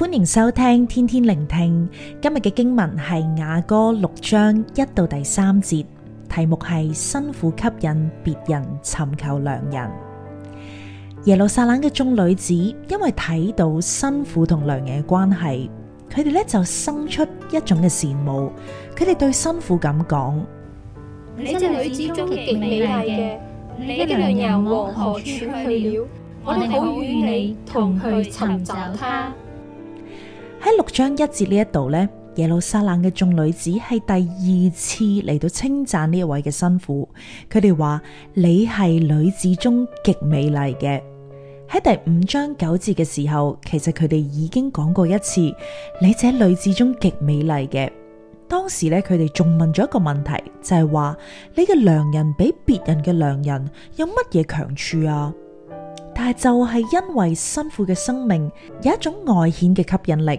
歡迎收聽天天聆聽。今日嘅經文係雅歌六章一到第三節，題目係新婦吸引別人尋求良人。耶路撒冷嘅眾女子，因為睇到新婦同良人嘅關係，佢哋呢就生出一種嘅羨慕。佢哋對新婦咁講：你這女子中極美麗嘅，你嘅良人往何處去了？我哋好與你同去尋找他。喺六章一節呢一度咧，耶路撒冷嘅眾女子係第二次嚟到稱讚呢一位嘅新婦。佢哋話，你係女子中極美麗嘅。喺第五章九節嘅時候，其實佢哋已經講過一次，你這女子中極美麗嘅。當時咧，佢哋仲問咗一個問題，就係、係、話你嘅良人比別人嘅良人有乜嘢強處啊？但係就係因為新婦嘅生命有一種外顯嘅吸引力。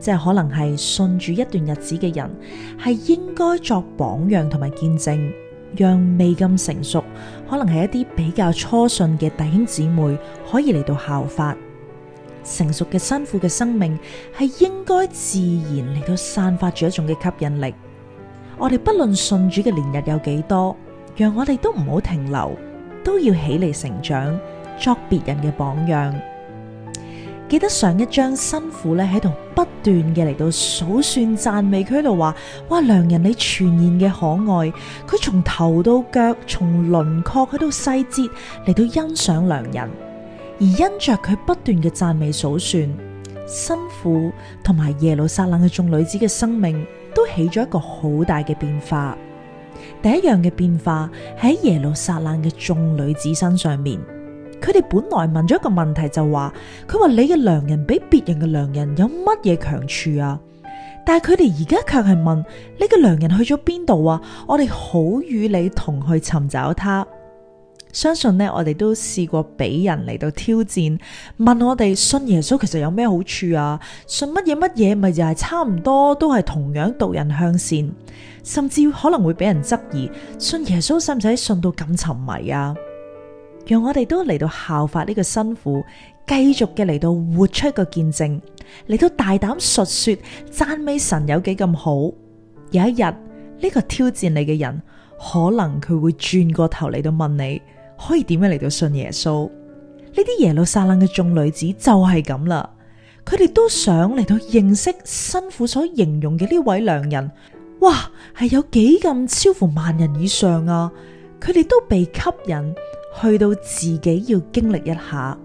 即係可能係信主一段日子嘅人，係應該作榜樣同埋見證，讓未咁成熟，可能係一啲比較初信嘅弟兄姊妹可以嚟到效法。成熟嘅新婦嘅生命係應該自然嚟到散發住一種嘅吸引力。我哋不論信主嘅年日有幾多，讓我哋都唔好停留，都要起嚟成長，作別人嘅榜樣。記得上一章，新婦咧，喺度不斷嘅嚟到數算讚美，佢喺度話，哇，良人你全然嘅可愛，佢從頭到腳，從輪廓去到細節嚟到欣賞良人，而因着佢不斷嘅讚美數算，新婦同埋耶路撒冷嘅眾女子嘅生命都起咗一個好大嘅變化。第一樣嘅變化喺耶路撒冷嘅眾女子身上面。佢哋本來問咗一個問題就話，佢話你嘅良人比別人嘅良人有乜嘢強處啊？但係佢哋而家卻係問你嘅良人去咗邊度啊？我哋好與你同去尋找他。相信呢，我哋都試過俾人嚟到挑戰，問我哋信耶穌其實有咩好處啊？信乜嘢乜嘢，咪又係差唔多都係同樣導人向善，甚至可能會俾人質疑，信耶穌使唔使信到咁沉迷啊？讓我哋都嚟到效法呢個新婦，繼續嘅嚟到活出一個見證，嚟到大膽述說讚美神有幾咁好。有一日呢個挑戰你嘅人，可能佢會轉過頭嚟到問你，可以點樣嚟到信耶穌？呢啲耶路撒冷嘅眾女子就係咁啦，佢哋都想嚟到認識新婦所形容嘅呢位良人。哇，係有幾咁超乎萬人以上啊！佢哋都被吸引。去到自己要經歷一下，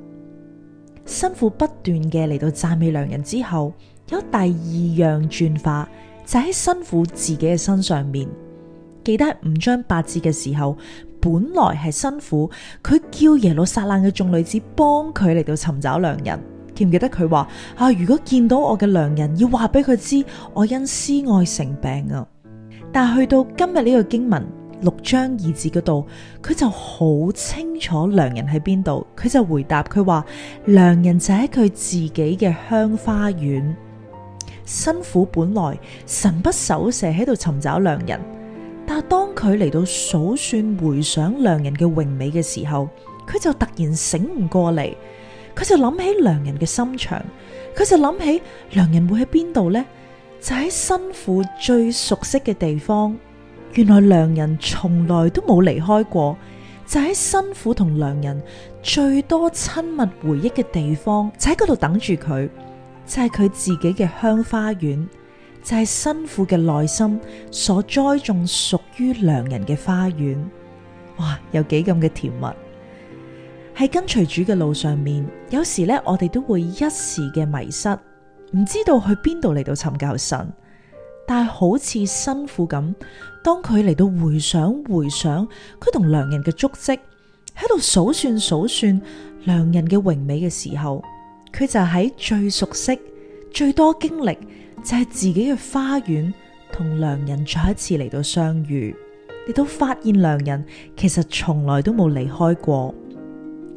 新婦不斷嘅嚟到讚美良人之後，有第二樣轉化就喺、是、新婦自己嘅身上面。記得五章八節嘅時候，本來係新婦，佢叫耶路撒冷嘅眾女子幫佢嚟到尋找良人。記唔記得佢話啊？如果見到我嘅良人，要話俾佢知我因思愛成病啊！但係去到今日呢個經文。六章二節嗰度，佢就好清楚良人喺邊度。佢就回答佢話：良人就喺佢自己嘅香花園。新婦本來神不守舍喺度尋找良人，但係當佢嚟到數算回想良人嘅榮美嘅時候，佢就突然醒悟過嚟。佢就諗起良人嘅心腸，佢就諗起良人會喺邊度呢，就喺新婦最熟悉嘅地方。原來良人從來都冇離開過，就喺新婦同良人最多親密回憶嘅地方，就喺嗰度等住佢，就係佢自己嘅香花園，就係新婦嘅內心所栽種屬於良人嘅花園。哇，有幾咁嘅甜蜜！喺跟隨主嘅路上面，有時咧我哋都會一時嘅迷失，唔知道去邊度嚟到尋求神。但係好似新婦咁，當佢嚟到回想回想佢同良人嘅足跡，喺度數算數算良人嘅榮美嘅時候，佢就喺最熟悉、最多經歷，就係自己嘅花園同良人再一次嚟到相遇，你都發現良人其實從來都冇離開過。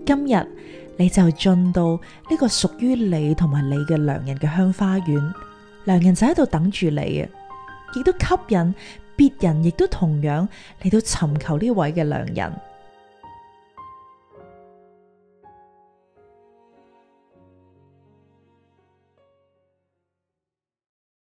今日你就進到呢個屬於你同埋你嘅良人嘅香花園，良人就喺度等住你啊！亦都吸引別人，亦都同樣嚟到尋求呢位嘅良人。